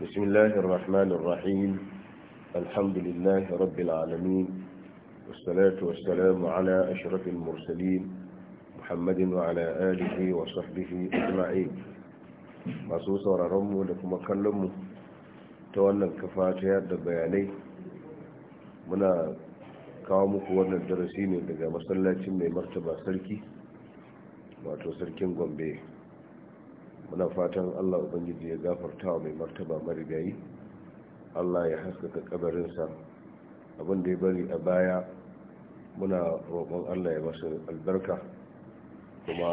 بسم الله الرحمن الرحيم الحمد لله رب العالمين والصلاة والسلام على أشرف المرسلين محمد وعلى آله وصحبه أجمعين masu sauraronmu da kuma mu ta wannan kafa ta yadda bayanai muna kawo muku wannan darasi ne daga masallacin mai martaba sarki wato sarkin gombe muna fatan allah ubangiji ya gafarta wa mai martaba marigayi allah ya haskaka kabarinsa abin ya bari a baya muna roƙon allah ya masu albarka kuma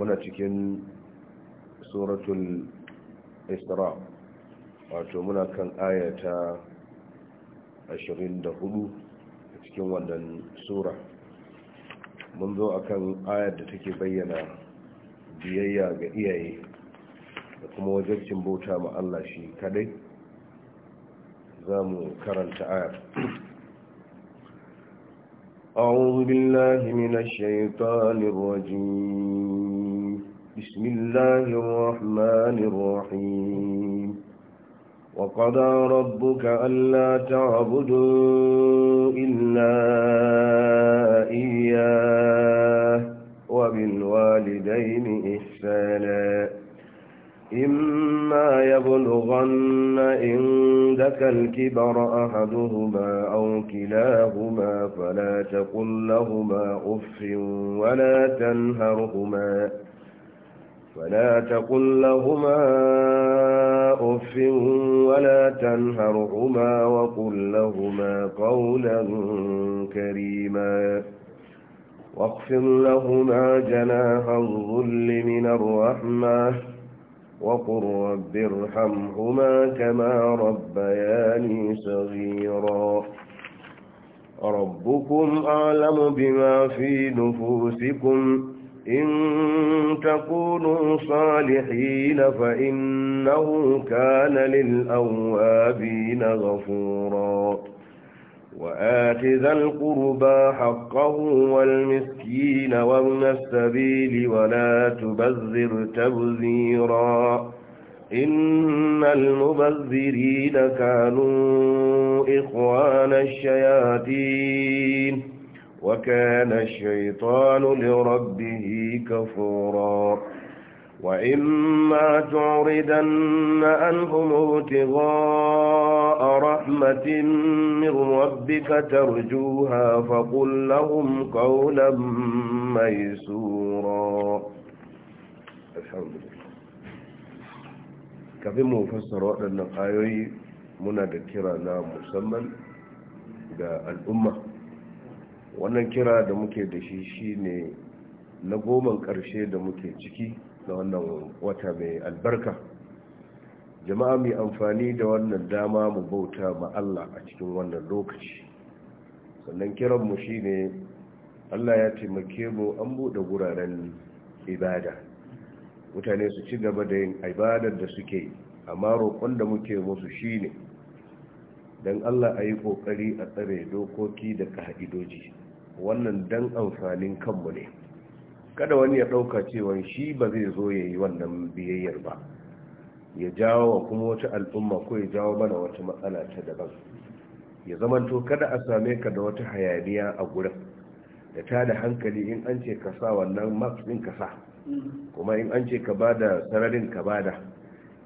muna cikin suratul isra wato muna kan ayata 24 a cikin wannan sura mun zo akan ayar da take bayyana biyayya ga iyaye da kuma wajen cin bauta ma Allah shi kadai, za mu karanta aya. AbubuIlahi mina shaitanir waje in, bisimilahi mahammanin ruḥin, Waƙar da rabbu ka illa a وبالوالدين إحسانا إما يبلغن عندك الكبر أحدهما أو كلاهما فلا تقل لهما أف ولا تنهرهما فلا تقل لهما أف ولا تنهرهما وقل لهما قولا كريما واغفر لهما جناح الظل من الرحمة وقل رب ارحمهما كما ربياني صغيرا ربكم أعلم بما في نفوسكم إن تكونوا صالحين فإنه كان للأوابين غفوراً وآت ذا القربى حقه والمسكين وابن السبيل ولا تبذر تبذيرا إن المبذرين كانوا إخوان الشياطين وكان الشيطان لربه كفوراً وإما تعرضن عنهم rahmatin رحمة من ربك ترجوها فقل لهم قولا ميسورا الحمد لله kafin mu fassara waɗannan ayoyi muna da kira na musamman ga al'umma wannan kira da muke da shi shine na goman ƙarshe da muke ciki da wannan wata mai albarka jama'a mai amfani da wannan dama mu bauta ma Allah a cikin wannan lokaci sannan kiranmu shi ne Allah ya taimake mu an buɗe wuraren ibada mutane su ci gaba da yin ibadar da suke amma roƙon da muke musu shi ne don Allah a yi ƙoƙari a tsare dokoki da ƙa'idoji wannan don amfanin kanmu ne kada wani ya ɗauka cewa shi ba zai zo ya yi wannan biyayyar ba ya jawo wa kuma wata al'umma ko ya jawo mana wata matsala ta daban ya zamanto kada a same ka da wata hayaniya a gurin da ta da hankali in an ce ka sa wannan max ɗin ka sa kuma in an ce ka ba da sararin ka ba da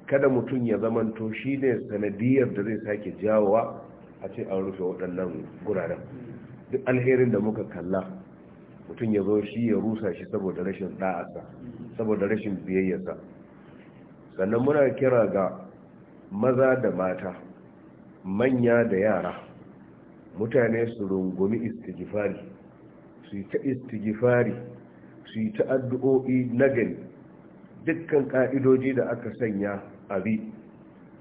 kada mutum ya zamanto shi ne sanadiyar da zai sake jawowa a ce an rufe waɗannan guraren duk alherin da muka kalla mutum ya zo shi ya rusa shi saboda rashin da'asa saboda rashin biyayyarsa sannan muna kira ga maza da mata manya da yara mutane su rungumi istigifari su yi ta istigifari su yi ta addu'o'i nagari dukkan ka'idoji da aka sanya abi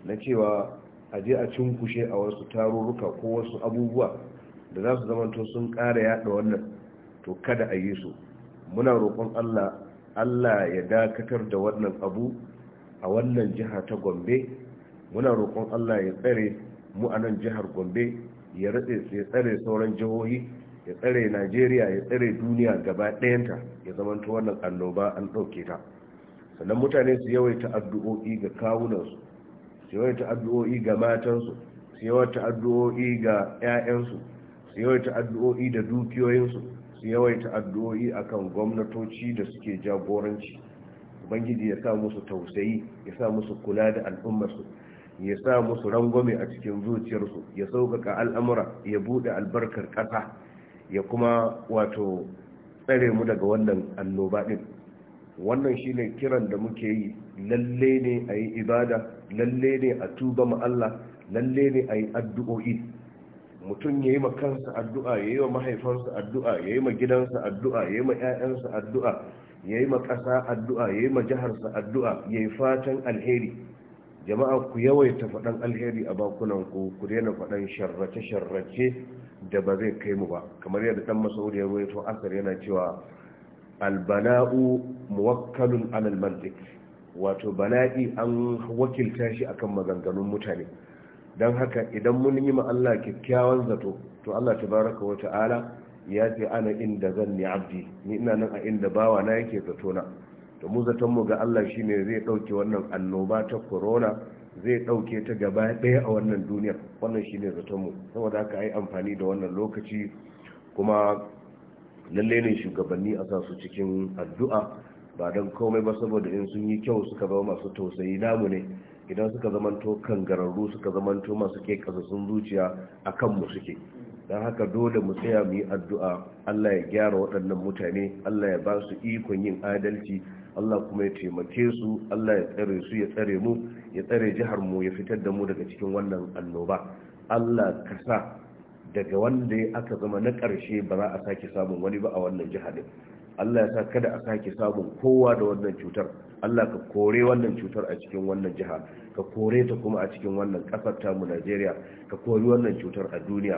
na cewa a je a cunkushe a wasu tarurruka ko wasu abubuwa da za su zamanto sun ƙara yaɗa wannan to kada a yi su muna roƙon Allah Allah ya dakatar da wannan abu a wannan jiha ta Gombe muna roƙon Allah ya tsare mu a nan jihar Gombe ya rade ya tsare sauran jihohi ya tsare Najeriya ya tsare duniya gaba ɗayanta ya zamanta wannan annoba an ɗauke ta sannan mutane su yawaita addu'o'i ga kawunansu su yawaita addu'o'i ga matansu su yawaita addu'o'i ga 'ya'yansu su yawaita addu'o'i da dukiyoyinsu su yawaita addu'o'i akan gwamnatoci da suke jagoranci ubangiji ya sa musu tausayi ya sa musu kula da al'ummarsu ya sa musu rangwame a cikin zuciyarsu ya sauƙaƙa al'amura ya buɗe albarkar ƙasa ya kuma wato tsare mu daga wannan annoba ɗin wannan shi ne kiran da muke yi lalle ne a yi ibada lalle ne a tuba ma'alla Allah lalle ne a yi addu'o'i mutum ya yi ma kansa addu'a ya yi wa mahaifansa addu'a ya yi ma gidansa addu'a ya yi ma 'ya'yansa addu'a ya yi ma ƙasa addu'a ya yi ma jiharsa addu'a ya yi fatan alheri jama'a ku yawaita faɗan alheri a bakunanku ku ku daina faɗan sharrace-sharrace da ba zai kai mu ba kamar yadda ɗan masaudi ya ruwaito asar yana cewa albana'u muwakkalun alal mantik wato bala'i an wakilta shi akan maganganun mutane don haka idan mun yi ma Allah kyakkyawan zato to Allah tabaraka wa ta'ala ya ce ana inda zan ni abdi ni ina nan a inda bawa na yake zato na to mu zaton mu ga Allah shine zai dauke wannan annoba ta corona zai dauke ta gaba daya a wannan duniya wannan shine zaton mu saboda haka ai amfani da wannan lokaci kuma lalle ne shugabanni a sa su cikin addu'a ba dan komai ba saboda in sun yi kyau suka ba masu tausayi namu ne idan suka zamanto kangararru suka zamanto masu ke kasassun zuciya a kanmu suke don haka dole mu tsaya mu yi addu'a Allah ya gyara waɗannan mutane Allah ya ba su ikon yin adalci Allah kuma ya taimake su Allah ya tsare su ya tsare mu ya tsare jihar mu ya fitar da mu daga cikin wannan annoba Allah ka sa daga wanda aka zama na ƙarshe ba za a sake samun wani ba a wannan jihar Allah ya sa kada a sake samun kowa da wannan cutar Allah ka kore wannan cutar a cikin wannan jiha ka kore ta kuma a cikin wannan kasar tamu Najeriya ka kori wannan cutar a duniya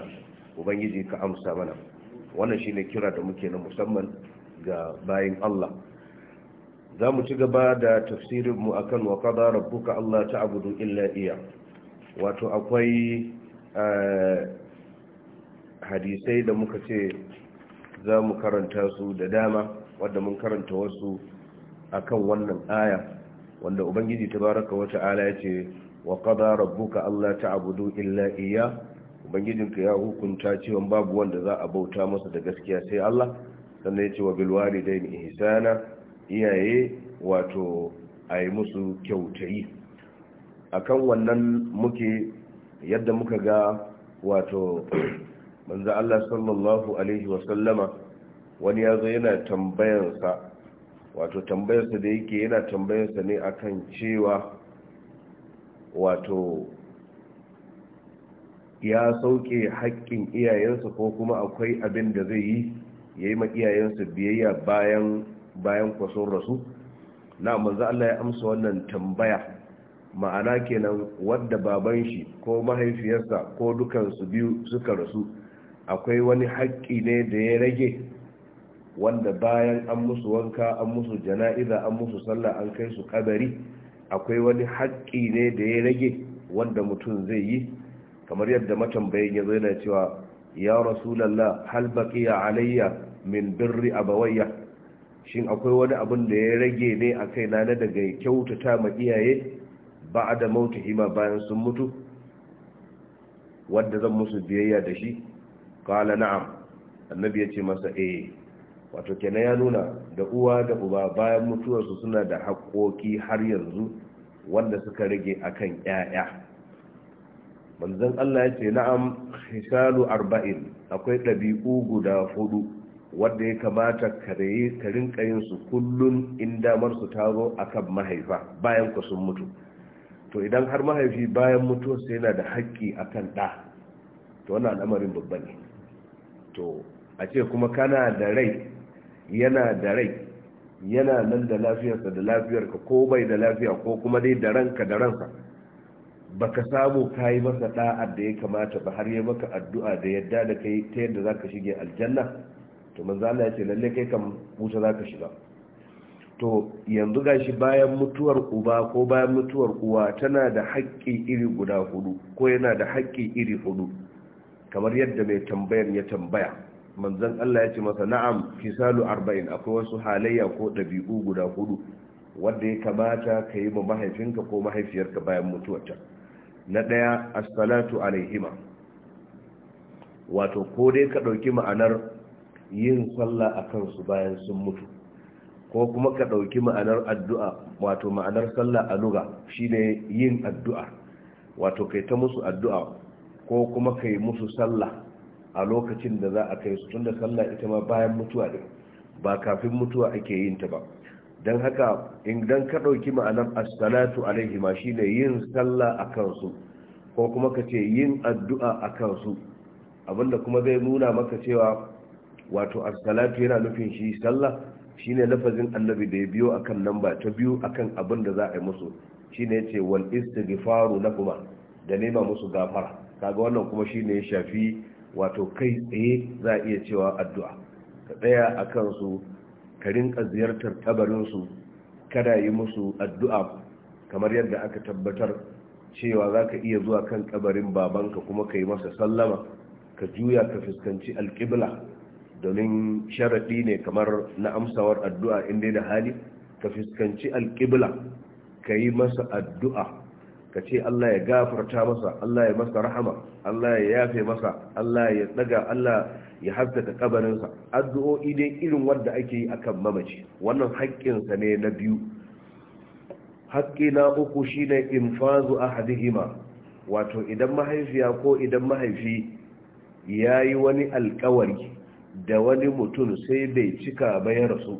ubangiji ka amsa mana wannan shine kira da muke na musamman ga bayin Allah za mu ci gaba da tafsirin mu akan wa qada rabbuka Allah ta'budu illa iya wato akwai eh, hadisai da muka ce za mu karanta su da dama wadda mun karanta wasu a kan wannan aya wanda ubangiji ta wa ta'ala ya ce wa Allah rabbuka ta abudu illa iya ubangijinka ya hukunta cewa babu wanda za a bauta masa da gaskiya sai Allah sannan ya ce wa bil walidaini ihsana iyaye wato ayi musu kyautayi kan wannan muke yadda muka ga wato manzo Allah sallallahu alaihi sallama wani ya zo yana tambayansa wato tambayarsa da yake yana tambayarsa ne akan cewa wato ya sauke haƙƙin iyayensa ko kuma akwai abin da zai yi ya yi ma iyayensa biyayya bayan bayan kwason rasu na manzo Allah ya amsa wannan tambaya ma'ana kenan wadda baban shi ko mahaifiyarsa ko dukansu biyu suka rasu akwai wani haƙƙi ne da ya rage wanda bayan an musu wanka an musu jana'iza an musu sallah an kai su kabari akwai wani haƙƙi ne da ya rage wanda mutum zai yi kamar yadda matambayin ya zai na cewa ya rasulallah hal baqiya alayya min birri a abawayya shin akwai wani abun da ya rage ne a kai na daga kyautata ma iyaye ba a da mautu hima bayan sun mutu wanda zan musu biyayya da shi kala na'am annabi ya ce masa eh wato kenan ya nuna da uwa da uba bayan mutuwarsu suna da haƙoƙi har yanzu wanda suka rage akan 'ya'ya manzon Allah ya ce na'am hisalu arba'in akwai ɗabi'u guda hudu wanda ya kamata ka rinka yin su kullun in damar su taro akan mahaifa bayan ku sun mutu to idan har mahaifi bayan mutuwarsa yana da haƙƙi akan ɗa to wannan al'amarin babba ne to a ce kuma kana da rai yana da rai yana nan da lafiyarsa da lafiyarka ko bai da lafiya ko kuma dai da ranka da ransa ka samu ka yi masa da'ar da ya kamata ba har ya maka addu'a da yadda da kai ta yadda za ka shige aljanna to manzo Allah ya ce lalle kai kam wuta za ka shiga to yanzu gashi bayan mutuwar uba ko bayan mutuwar uwa tana da haƙƙi iri guda hudu ko yana da haƙƙi iri hudu kamar yadda mai tambayar ya tambaya manzan Allah ya ce masa na'am kisalu arba'in akwai wasu halayya ko ɗabi'u guda hudu wanda ya kamata ka yi ma mahaifinka ko mahaifiyarka bayan mutuwarta na ɗaya salatu alaihima wato ko dai ka ɗauki ma'anar yin sallah a kansu bayan sun mutu ko kuma ka ɗauki ma'anar addu'a wato ma'anar sallah a luga shine yin addu'a wato kai ta musu addu'a ko kuma ka yi musu sallah a lokacin da za a kai su tun da sallah ita ma bayan mutuwa ɗin ba kafin mutuwa ake yin ta ba don haka idan ka ɗauki ma'anar assalatu alaihi ma shi ne yin sallah a kansu ko kuma ka ce yin addu'a a kansu abinda kuma zai nuna maka cewa wato assalatu yana nufin shi sallah shi ne lafazin annabi da ya biyo a akan namba ta biyu a kan abin da za a yi musu shi ne ce wal istighfaru na kuma da nema musu gafara kaga wannan kuma shi ne ya shafi wato kai tsaye za a iya cewa addu'a ka tsaya a kansu ka rinka ziyartar tabarinsu kada yi musu addu'a kamar yadda aka tabbatar cewa za ka iya zuwa kan kabarin babanka kuma ka yi masa sallama ka juya ka fuskanci alƙibla domin sharaɗi ne kamar na amsawar addu'a inda da hali ka fuskanci alƙibla ka yi masa addu'a ka ce Allah ya gafarta masa Allah ya masa rahama Allah ya yafe masa Allah ya daga Allah ya haskaka kabarinsa addu'o'i dai irin wanda ake yi akan mamaci wannan haƙƙinsa ne na biyu haƙƙi na uku shine infazu ahadihima wato idan mahaifiya ko idan mahaifi yayi wani alƙawari da wani mutum sai bai cika ba ya rasu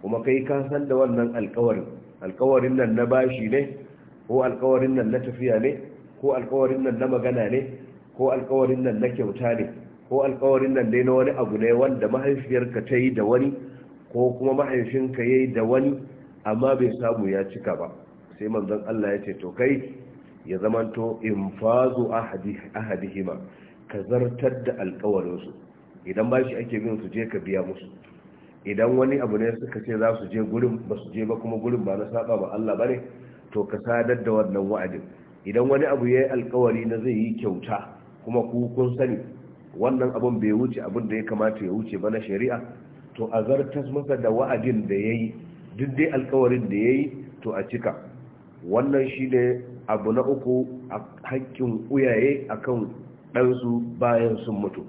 kuma kai ka san da wannan alƙawarin alƙawarin nan na bashi ne ko alkawarin nan na tafiya ne ko alkawarin nan na magana ne ko alkawarin nan na kyauta ne ko alkawarin nan dai na wani abu ne wanda mahaifiyarka ta yi da wani ko kuma mahaifinka ya yi da wani amma bai samu ya cika ba sai manzon Allah ya ce to kai ya zamanto in fazu ahadihima ka zartar da alkawarinsu idan ba shi ake bin su je ka biya musu idan wani abu ne suka ce za su je gurin ba su je ba kuma gurin ba na saba ba Allah ba ne to ka sadar da wannan wa'adin idan wani abu ya yi alkawari na zai yi kyauta kuma ku kun sani wannan abun bai wuce abin da ya kamata ya wuce ba na shari'a to a zartas masa da wa'adin da ya yi duk dai alkawarin da ya yi to a cika wannan shi ne abu na uku a hakkin uyaye kan ɗansu bayan sun mutu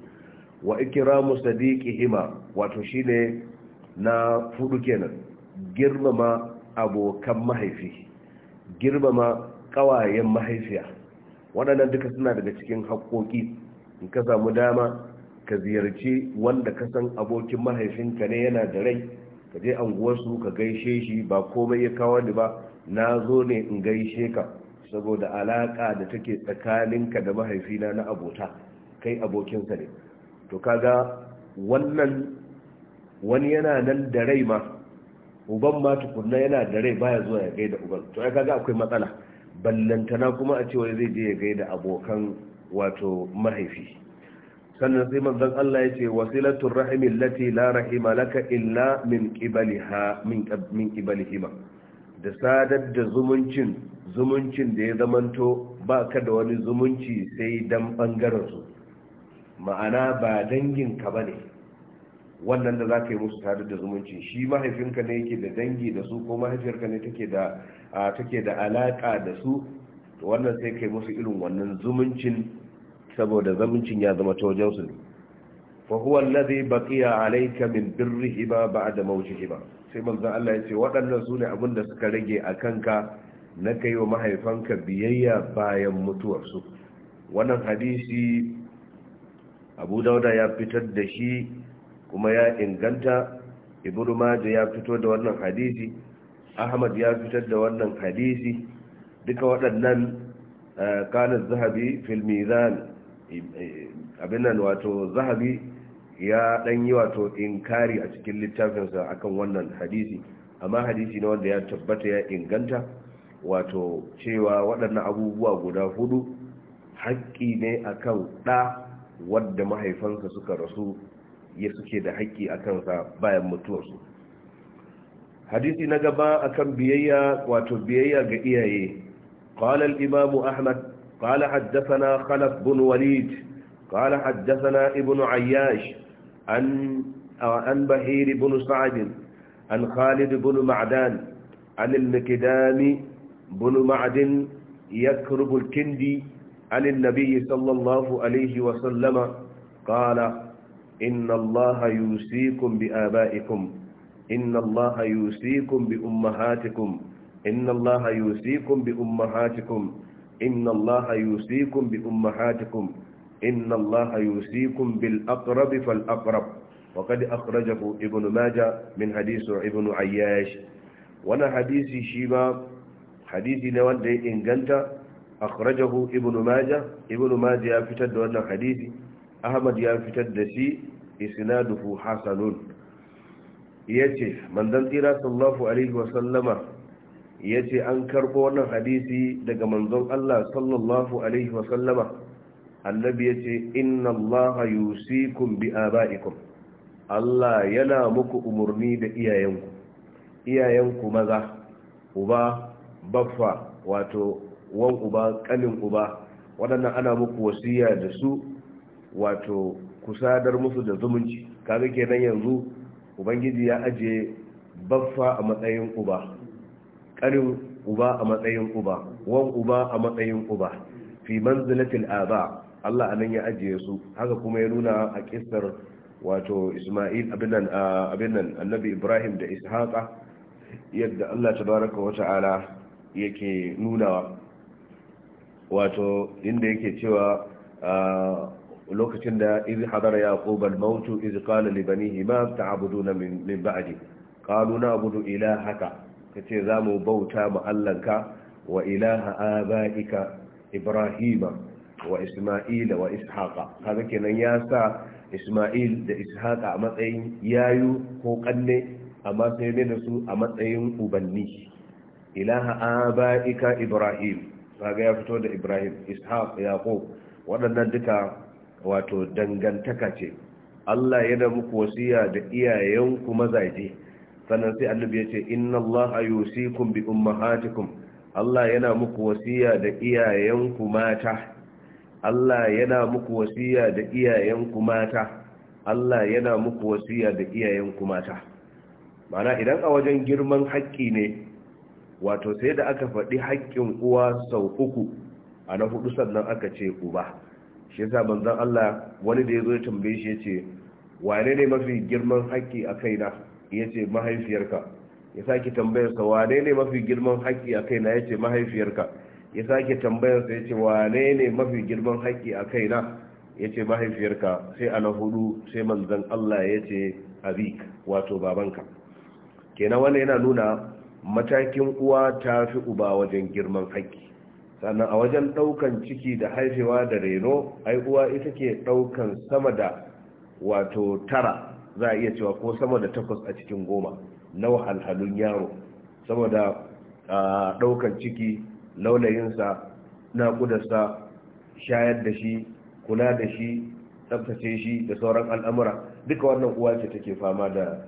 wa ikiramu sadiqi hima wato shine na fudu kenan girmama abokan mahaifi girmama ƙawayen mahaifiya waɗannan duka suna daga cikin haƙoƙi in ka samu dama ka ziyarci wanda ka san abokin mahaifinka ne yana da rai ka je anguwarsu ka gaishe shi ba komai ya kawo ni ba na zo ne in gaishe ka saboda alaƙa da take tsakaninka da mahaifina na abota kai abokinsa ne to kaga wannan wani yana nan da rai ma uban ma tukunna yana da rai baya zuwa ya gaida uban to ai kaga akwai matsala ballantana kuma a cewa zai je ya gaida abokan wato mahaifi sannan sai manzon Allah ya ce wasilatul rahim allati la rahima laka illa min qibaliha min min qibalihima da sadar da zumuncin zumuncin da ya zamanto ba ka da wani zumunci sai dan bangaren su ma'ana ba dangin ka bane wannan da za ka yi musu tare da zumunci shi mahaifinka ne yake da dangi da su ko mahaifiyarka ne take da take da alaka da su wannan sai kai musu irin wannan zumuncin saboda zumuncin ya zama ta wajen su ne fa huwa allazi baqiya alayka min ba ba'da ba sai manzon Allah ya ce waɗannan su ne abin da suka rage a ka na kai wa mahaifanka biyayya bayan mutuwarsu wannan hadisi abu dauda ya fitar da shi kuma ya inganta ibnu majah ya fito da wannan hadisi ahmad ya fitar da wannan hadisi duka waɗannan eh, kana zahabi fil mizan abin wato zahabi ya dan yi wato inkari a cikin littafinsa akan wannan hadisi amma hadisi ne wanda ya tabbata ya inganta wato cewa waɗannan abubuwa guda hudu haƙƙi ne akan ɗa wadda mahaifansa suka rasu ya suke da haƙƙi a kansa bayan mutuwarsu hadisi na gaba akan biyayya wato biyayya ga iyaye qala imam ahmad qala haddathana khalaf bun walid qala haddathana ibnu ayyash an bahiri bahir ibn an khalid ibn ma'dan an al-mikdami ibn ma'dan yakrubu kindi عن النبي صلى الله عليه وسلم قال inna allaha yusikum bi abaikum inna allaha yusikum bi ummahatikum inna allaha yusikum bi ummahatikum inna allaha yusikum bi ummahatikum inna allaha yusikum bil aqrab fal aqrab wa qad akhrajahu ibn majah min hadith ibn ayyash wana hadisi shi ba hadisi ne wanda ya inganta akhrajahu ibn majah ya fitar da wannan hadisi ahmad ya fitar da shi isnaduhu hasanun yace manzon tsira sallallahu alaihi wa sallama yace an karbo wannan hadisi daga manzon Allah sallallahu alaihi wa annabi yace inna allaha yusikum bi abaikum Allah yana muku umurni da iyayenku iyayenku maza uba baffa wato wan uba kalin uba waɗannan ana muku wasiya da su wato kusadar musu da zumunci kaga kenan yanzu ubangiji ya aje baffa a matsayin uba karin uba a matsayin uba wan uba a matsayin uba fi manzilatil aba Allah anan ya ajiye su haka kuma ya nuna a kissar wato Isma'il abin nan Annabi Ibrahim da Ishaqa yadda Allah tabaraka wa ta'ala yake nunawa wato inda yake cewa lokacin da iz hadara yaqub al izi ƙala qala li ta abudu na min min ba'di qalu na'budu ilahaka kace zamu bauta mu allanka wa ilaha abaika ibrahima wa isma'ila wa ishaqa kaga kenan ya sa isma'il da ishaqa a matsayin yayu ko kanne amma sai ne da su a matsayin ubanni ilaha abaika ibrahim kaga ya fito da ibrahim ishaq yaqub waɗannan duka wato dangantaka ce Allah yana muku wasiya da iyayenku mazaje sannan sai annabi ya ce inna Allah yusikum bi ummahatikum Allah yana muku wasiya da iyayenku mata Allah yana muku wasiya da iyayenku mata Allah yana muku wasiya da iyayenku mata mana idan a wajen girman haƙƙi ne wato sai da aka faɗi haƙƙin uwa sau uku a na hudu sannan aka ce uba shi yasa manzon Allah wani da yazo ya tambaye shi yace wane ne mafi girman haƙƙi a kaina yace mahaifiyarka ya sake tambayar sa wane ne mafi girman haƙƙi a kaina yace mahaifiyarka ya sake tambayar sa yace wane ne mafi girman haƙƙi a kaina yace mahaifiyarka sai ana hudu sai manzon Allah yace abik wato babanka kenan wannan yana nuna matakin uwa ta fi uba wajen girman haƙƙi sannan a wajen ɗaukan ciki da haifewa da reno ai ita ke ɗaukan sama da wato tara za a iya cewa ko sama da takwas a cikin goma na wahalhalun yaro saboda ɗaukan ciki laulayinsa naƙudarsa shayar da shi kula da shi tsabtace shi da sauran al'amura duka wannan uwa ce take fama da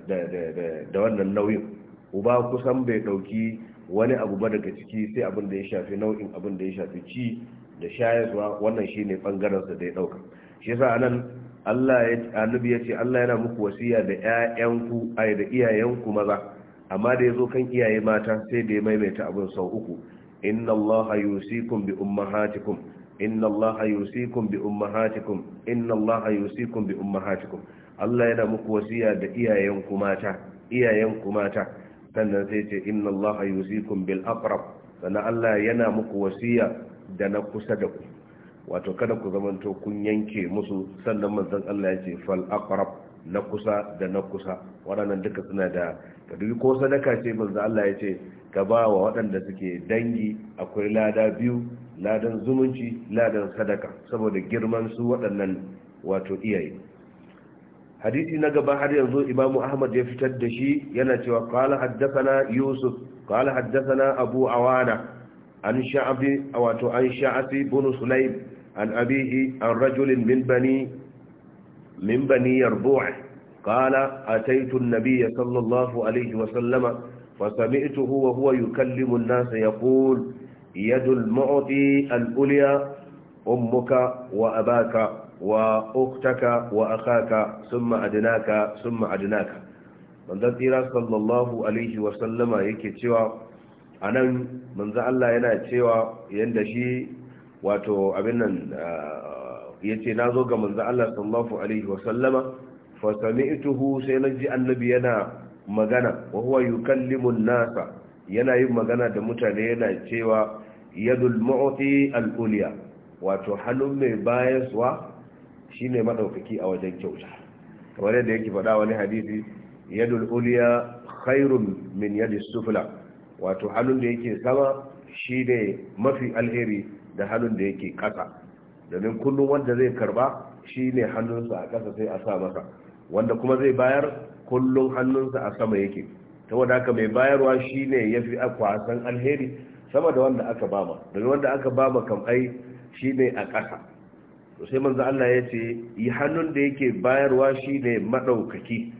wannan nauyin uba kusan bai ɗauki wani abu ba daga ciki sai abin da ya shafi nau'in abin da ya shafi ci da shayarwa wannan shi ne sa da ya ɗauka shi yasa anan Allah ya annabi ya ce Allah yana muku wasiya da ƴaƴanku ay da iyayenku maza amma da yazo kan iyaye mata sai da ya maimaita abin sau uku inna Allah yusikum bi ummahatikum inna Allah yusikum bi ummahatikum inna Allah yusikum bi ummahatikum Allah yana muku wasiya da iyayenku mata iyayenku mata sannan sai ce inna Allah yusikum bil aqrab sannan Allah yana muku wasiya da na kusa da ku wato kada ku zamanto kun yanke musu sannan manzon Allah ya ce fal aqrab na kusa da na kusa waɗannan duka suna da ka ko sadaka ce manzo Allah ya ce ka ba wa waɗanda suke dangi akwai lada biyu ladan zumunci ladan sadaka saboda girman su waɗannan wato iyaye حديثي نقبا حديث إمام أحمد يفتد شيء ينتوى قال حدثنا يوسف قال حدثنا أبو عوانة عن شعبي أو عن شعبي بن سليم عن أبيه عن رجل من بني من بني يربوع قال أتيت النبي صلى الله عليه وسلم فسمعته وهو يكلم الناس يقول يد المعطي الأولياء أمك وأباك وأختك وأخاك ثم أدناك ثم أدناك manzan tsira sallallahu alaihi wasallama yake cewa a nan manzan Allah yana cewa yadda shi wato abin nan ya ce na zo ga manzan Allah sallallahu alaihi wasallama fasami ituhu sai na ji annabi yana magana wa huwa yukallimun nasa yana yin magana da mutane yana cewa yadul mu'ti al-ulya wato hannun mai bayaswa Shi ne madaukaki a wajen kyauta kamar yadda yake faɗa wani hadisi yadul uliya khairun min yadi sufla wato hannun da yake sama shi ne mafi alheri da hannun da yake ƙasa domin kullum wanda zai karba ne hannunsa a ƙasa sai a sa masa wanda kuma zai bayar kullum hannunsa a sama yake saboda haka mai bayarwa shi ne ya yafi akwasan alheri sama da wanda aka bama domin wanda aka bama kam ai ne a ƙasa to sai manzo Allah ya ce yi hannun da yake bayarwa shine madaukaki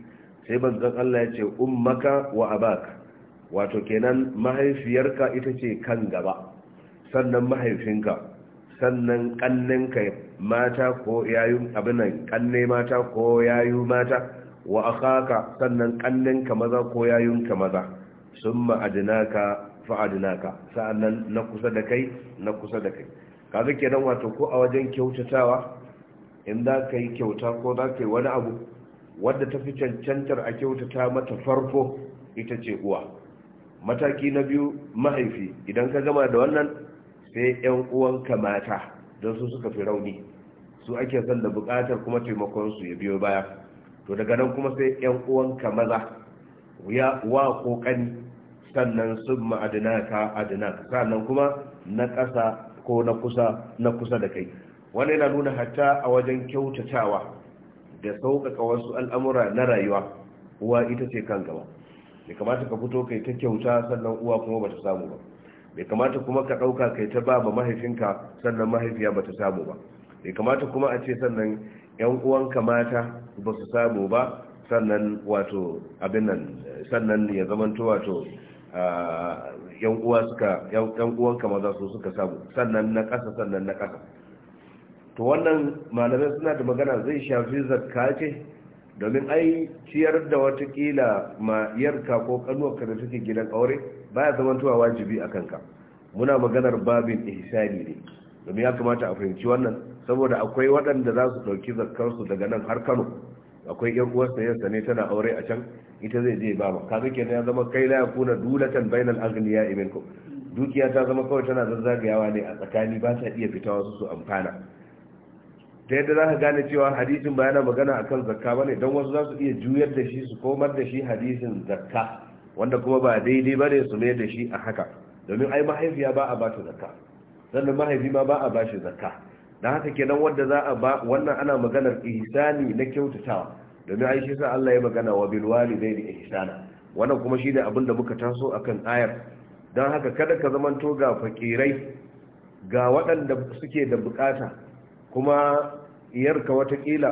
sai manzo Allah ya ce ummaka wa abaka wato kenan mahaifiyarka ita ce kan gaba sannan mahaifinka sannan kanninka mata ko yayu abinan kanne mata ko yayu mata wa akaka sannan ka maza ko yayunka maza summa adnaka fa adnaka sa'annan na kusa da kai na kusa da kai kaza kenan wato ko a wajen kyautatawa in za ka yi kyauta ko za ka yi wani abu wadda ta fi cancantar a kyautata mata farko ita ce uwa mataki na biyu mahaifi idan ka gama da wannan sai 'yan uwanka mata don su suka fi rauni su ake son da bukatar kuma taimakon su ya biyo baya to daga nan kuma sai 'yan uwanka maza ya wa kokani sannan sun ka adina sannan kuma na ƙasa ko na kusa na kusa da kai wannan yana nuna hatta a wajen kyautatawa da sauƙaƙa wasu al'amura na rayuwa uwa ita ce kan gaba bai kamata ka fito kai ta kyauta sannan uwa kuma bata samu ba bai kamata kuma ka ɗauka kai ta ba mahaifinka sannan mahaifiya bata samu ba bai kamata kuma a ce sannan yan uwanka mata ba su samu ba sannan wato abin sannan ya zamanto wato Ah, yan uwa suka uwanka maza su suka samu sannan na ƙasa sannan na ƙasa to wannan malamai suna da magana zai shafi zakka ce domin ai ciyar da watakila ma yarka ko kanuwarka da take gidan aure baya tuwa wajibi a kanka muna maganar babin ihsani ne domin ya kamata a fahimci wannan saboda akwai waɗanda za su ɗauki zakkarsu daga nan har kano akwai yan uwarsa yansa ne tana aure a can ita zai je ba ka ga kenan ya zama kai la yakuna dulatan bainal aghniya minkum dukiya ta zama kawai tana zazzagayawa ne a tsakani ba ta iya fita wasu su amfana ta yadda za ka gane cewa hadisin bayana magana akan zakka ba ne don wasu za su iya juyar da shi su komar da shi hadisin zakka wanda kuma ba daidai ba ne su mai da shi a haka domin ai mahaifiya ba a ba ta zakka sannan mahaifi ma ba a ba shi zakka da haka kenan wanda za a ba wannan ana maganar ihsani na kyautatawa domin yi shi sa Allah ya magana wa bil walidaini ihsana wannan kuma shi shine abin da muka taso akan ayar don haka kada ka zamanto ga fakirai ga waɗanda suke da bukata kuma iyarka watakila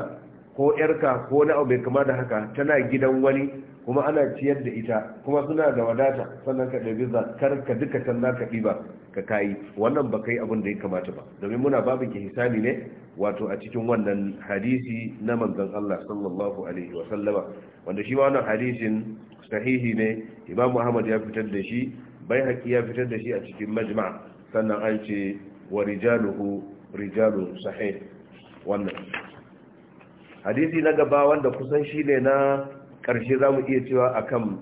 ko yarka ko na abu mai kama da haka tana gidan wani kuma ana ciyar da ita kuma suna da wadata sannan ka ɗabi zakar ka duka can ka ɗiba ka kayi wannan ba kai abin da ya kamata ba domin muna babu ki hisani ne wato a cikin wannan hadisi na manzon Allah sallallahu alaihi wa sallama wanda shi wannan hadisin sahihi ne Imam Muhammad ya fitar da shi Baihaqi ya fitar da shi a cikin Majma' sannan an ce wa rijaluhu wannan hadisi na gaba wanda kusan shi ne na ƙarshe za iya cewa a kan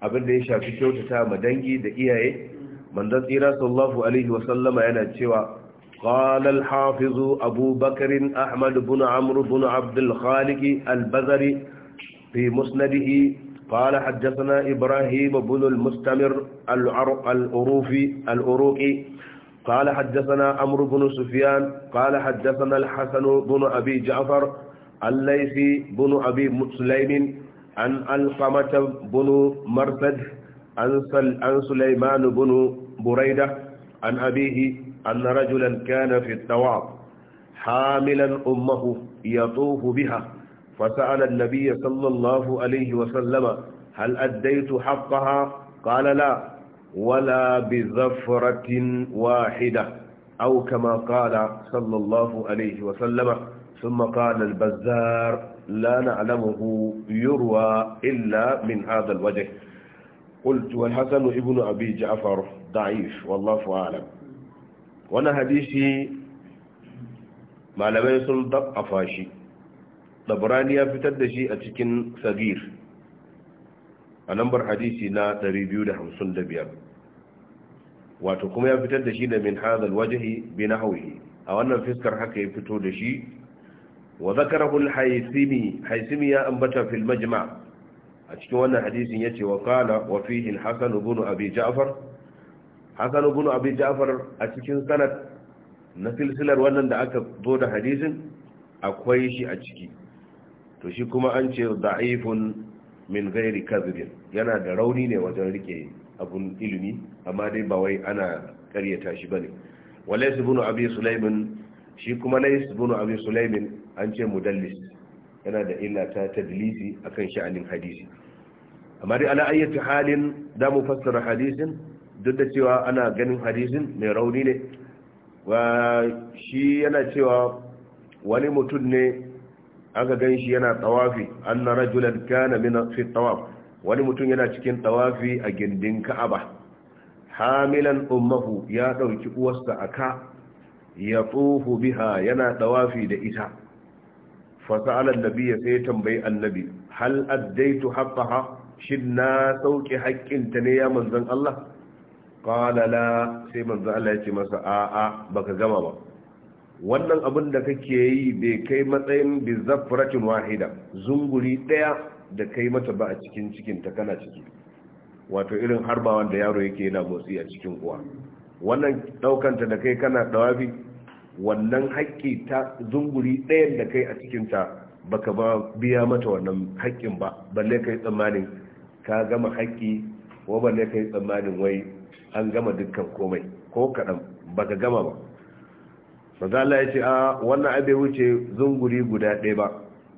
da ya shafi kyautata ma dangi da iyaye manzan tsira sallallahu alaihi wasallama yana cewa ƙwalal hafizu abubakarin ahmad bin amur bin abdulkhaliki albazari fi musnadihi ƙwala hajjasana ibrahim bin almustamir al'urufi al'uruki قال حدثنا عمرو بن سفيان قال حدثنا الحسن بن أبي جعفر الليثي بن عن ألقمة بن مرثد عن, عن سليمان بن بريدة عن أبيه أن رجلا كان في التواب حاملا أمه يطوف بها فسأل النبي صلى الله عليه وسلم هل أديت حقها قال لا ولا بزفرة واحدة أو كما قال صلى الله عليه وسلم ثم قال البزار لا نعلمه يروى إلا من هذا الوجه قلت والحسن ابن أبي جعفر ضعيف والله أعلم وانا حديثي ما لم يسن ضعف شيء طبراني يفتد شيء أتكن صغير أنمبر حديثي نا تريبيو لهم دبيار واتو كما يفتد شيء من هذا الوجه بنحوه a wannan حكي haka wa zakarahu al-haythimi haythimi ya ambata fil majma' a cikin wannan hadisin yace wa qala wa fihi al-hasan ibn abi a cikin sanad na silsilar wannan da aka zo da hadisin akwai shi a ciki to shi kuma an ce da'ifun min ghairi kadhibin yana da rauni ne wajen rike abun ilimi amma dai ba wai ana karyata shi bane walaysa sulaiman shi kuma sulaiman an ce mudallis yana da illa ta tadlisi akan sha'anin hadisi amma dai ala ayyati halin da mu fassara hadisin duk da cewa ana ganin hadisin mai rauni ne wa shi yana cewa wani mutum ne aka gan shi yana tawafi anna rajulan kana min fi tawaf wani mutum yana cikin tawafi a gindin ka'aba hamilan ummahu ya dauki uwarsa aka ya tsufu biha yana tawafi da ita fasa'alar nabiya sai tambayi annabi hal addaitu haqqaha shin na sauke ta ne ya manzon Allah qala la sai manzon Allah ya ce masa a'a baka gama ba wannan abin da kake yi bai kai matsayin bi zafratin wahida zunguri daya da kai mata ba a cikin cikin ta kana ciki wato irin harbawan da yaro yake yana motsi a cikin uwa wannan daukanta da kai kana dawafi wannan haƙƙi ta zunguri ɗayan da kai a cikinta baka ba biya mata wannan haƙƙin ba balle kai tsammanin ka gama haƙƙi ko balle kai tsammanin wai an gama dukkan komai ko kaɗan ba ka gama ba mazala ya ce a wannan abin wuce zunguri guda ɗaya ba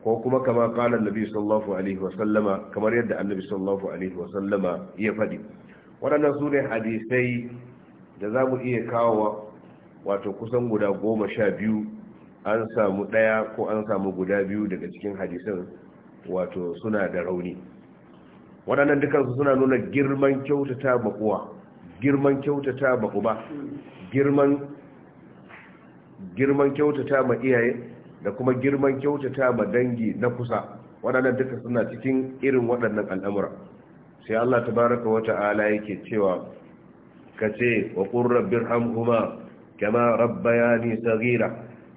ko kuma kama kalan nabi sallallahu alaihi wasallama kamar yadda annabi sallallahu alaihi wasallama ya faɗi waɗannan su ne hadisai da za mu iya kawo wato kusan guda goma sha biyu an samu ɗaya ko an samu guda biyu daga cikin hadisan wato suna da rauni waɗannan dukansu suna nuna girman kyautata bakuwa girman kyautata baku ba girman girman kyautata ma iyaye da kuma girman kyautata ma dangi na kusa waɗannan duka suna cikin irin waɗannan al'amura sai Allah tabaraka wata ala yake cewa kace wa qur hamhuma kama rabbayani saghira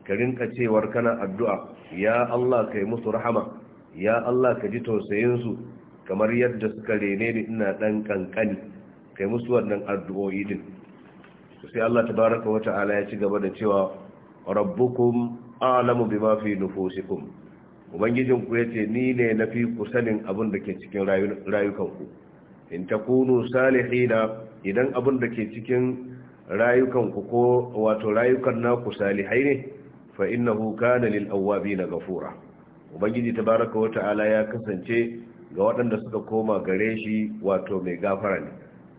ka rinka cewar kana addu'a ya Allah kai musu rahama ya Allah ka ji tausayinsu kamar yadda suka rene ni ina ɗan kankani kai musu wannan addu'o'i din sai Allah baraka wata ala ya ci gaba da cewa rabbukum a'lamu bima fi nufusikum ubangijin ku yace ni ne nafi ku sanin abin da ke cikin rayukanku in ta takunu salihina idan abin da ke cikin rayukanku ko wato rayukan naku salihai ne fa innahu kana lil awabin ghafura ubangiji tabaaraka wa ta'ala ya kasance ga waɗanda suka koma gare shi wato mai gafara ne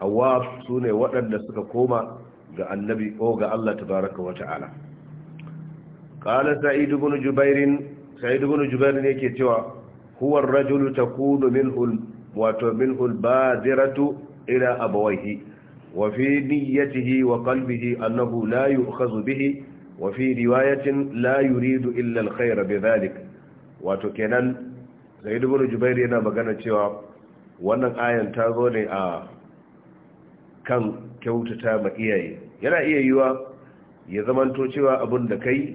awwab sune waɗanda suka koma ga annabi ko ga Allah tabaaraka wa ta'ala qala sa'id ibn jubair sa'id ibn jubair ne yake cewa huwa ar-rajulu takunu minhu wato minhu al-badiratu ila abawayhi وفي نيته وقلبه أنه لا يؤخذ به وفي رواية لا يريد إلا الخير بذلك وتكنن زيد بن جبير yana magana cewa wannan ayan ta zo ne a kan kyautata ma yana iya yiwa ya zamanto cewa abin da kai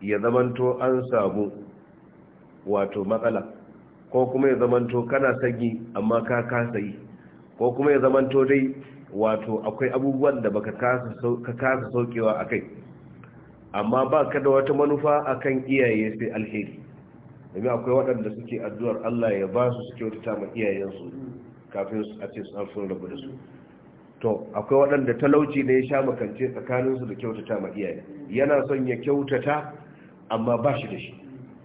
ya zamanto an samu wato matsala ko kuma ya zamanto kana sanyi amma ka kasa yi ko kuma ya zamanto dai wato akwai abubuwan da baka kasa saukewa a kai amma ba ka da wata manufa akan iyaye sai alheri domin akwai waɗanda suke addu'ar Allah ya ba su suke wata tamar iyayensu kafin a ce su sun rabu da su to akwai waɗanda talauci ne ya sha makance tsakaninsu da kyautata ma iyaye yana son ya kyautata amma ba shi da shi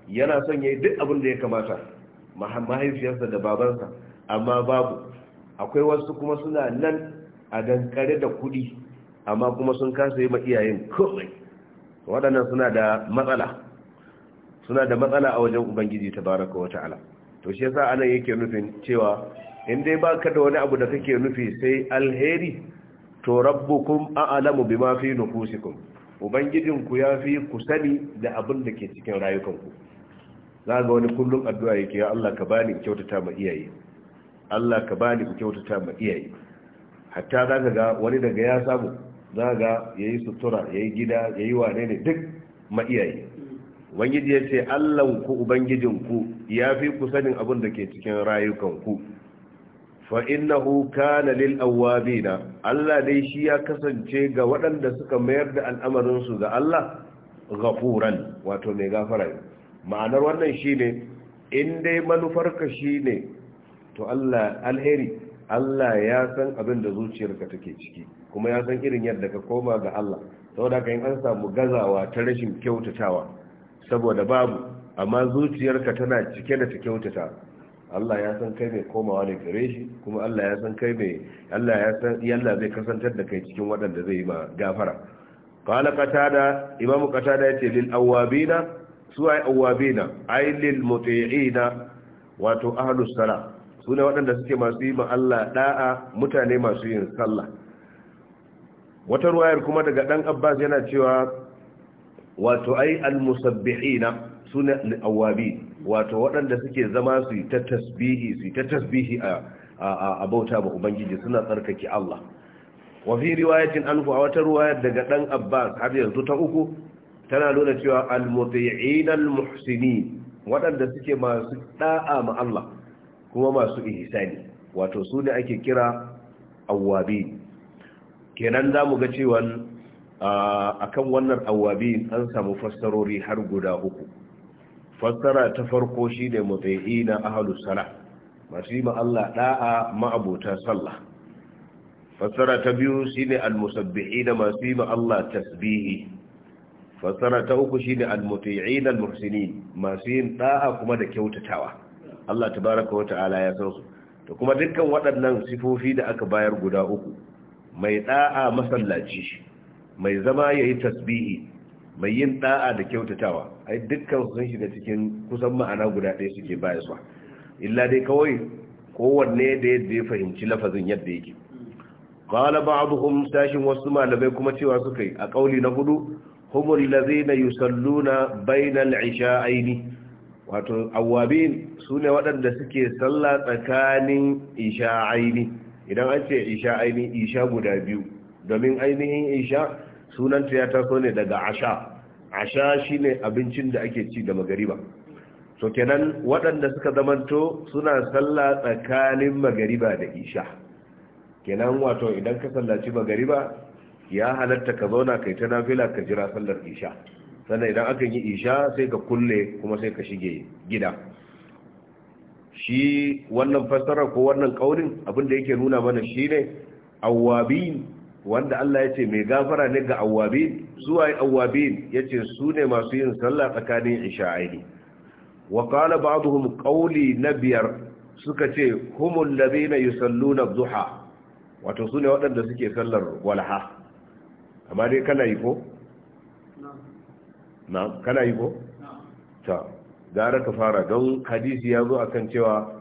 yana son ya yi duk abin da ya kamata mahaifiyarsa da babansa amma babu akwai wasu kuma suna nan a dankare da kuɗi amma kuma sun kasa yi ma iyayen kawai waɗannan suna da matsala suna da matsala a wajen ubangiji ta baraka wa ta'ala to shi yasa anan yake nufin cewa in dai baka da wani abu da kake nufi sai alheri to rabbukum a'lamu bima fi nufusikum ubangijinku ya fi ku sani da abin da ke cikin rayukanku za ga wani kullum addu'a yake ya Allah ka bani kyautata ma iyaye Allah ka bani kyautata ma iyaye hatta za ka ga wani daga ya samu za ga ya yi sutura ya yi gida ya yi wane ne duk ma'iyayi. ubangiji ya ce allahnku ubangijinku ya fi ku sanin abin da ke cikin rayukanku fa innahu kana lil awwabina Allah dai shi ya kasance ga waɗanda suka mayar da al’amarinsu ga Allah gafuran wato mai gafara ma'anar wannan shi ne, in dai manufarka shi ne, to Allah alheri Allah ya san abin da zuciyarka take ciki kuma ya san irin yadda ka koma ga Allah saboda ka yin an samu gazawa ta rashin kyautatawa saboda babu amma zuciyarka tana cike da ta kyautata Allah ya san kai mai komawa da gare shi kuma Allah ya san kai mai Allah ya san yalla zai kasantar da kai cikin waɗanda zai yi ma gafara qala qatada imam qatada yace lil awabina su ay awabina ay lil muti'ina wato ahlus salah su ne waɗanda suke masu yi Allah ɗa'a mutane masu yin sallah wata ruwayar kuma daga ɗan abbas yana cewa wato ai na, su ne awabi wato waɗanda suke zama su yi ta tasbihi su yi ta tasbihi a bauta ba ubangiji suna tsarkake Allah wafi riwayatin anhu a wata ruwayar daga ɗan abbas har yanzu ta uku tana nuna cewa almuti'ina almuhsini waɗanda suke masu ɗa'a ma Allah kuma masu ihsani wato su ne ake kira awwabi kenan za mu ga cewa a kan wannan awwabi an samu fassarori har guda uku fassara ta farko shi ne mutai'i na ahalus masu yi Allah ɗa'a ma'abota sallah fassara ta biyu shi ne almusabbi'i masu yi Allah tasbihi fassara ta uku shi ne almutai'i na masu yin ɗa'a kuma da kyautatawa Allah tabaraka wa ta'ala ya san su to kuma dukkan waɗannan sifofi da aka bayar guda uku mai da'a masallaci mai zama yayi tasbihi mai yin da'a da kyautatawa ai dukkan sun shiga cikin kusan ma'ana guda ɗaya suke baya su illa dai kawai kowanne da yadda ya fahimci lafazin yadda yake qala ba'dhum tashin wasu malamai kuma cewa suka yi a kauli na hudu humul ladzina yusalluna bainal isha'aini wato awabin su ne waɗanda suke sallah tsakanin isha aini idan an ce isha aini isha guda biyu domin ainihin isha sunanta ya taso ne daga asha asha shi ne abincin da ake ci da magariba so kenan waɗanda suka zamanto suna sallah tsakanin magariba da isha kenan wato idan ka sallaci magariba ya halatta ka zauna kai ta nafila ka jira sallar isha sannan idan aka yi isha sai ka kulle kuma sai ka shige gida shi wannan fassara ko wannan kaurin abinda yake nuna mana shi ne awwabin wanda Allah ya ce mai gafara ne ga awwabin zuwa awwabin ce su ne masu yin sallah tsakanin isha'aini wa qala ba'dhum na biyar suka ce humul ladina yusalluna duha wato su ne waɗanda suke sallar walha amma dai kana yi ko na kana yi ko gara ka fara don hadisi ya zo a kan cewa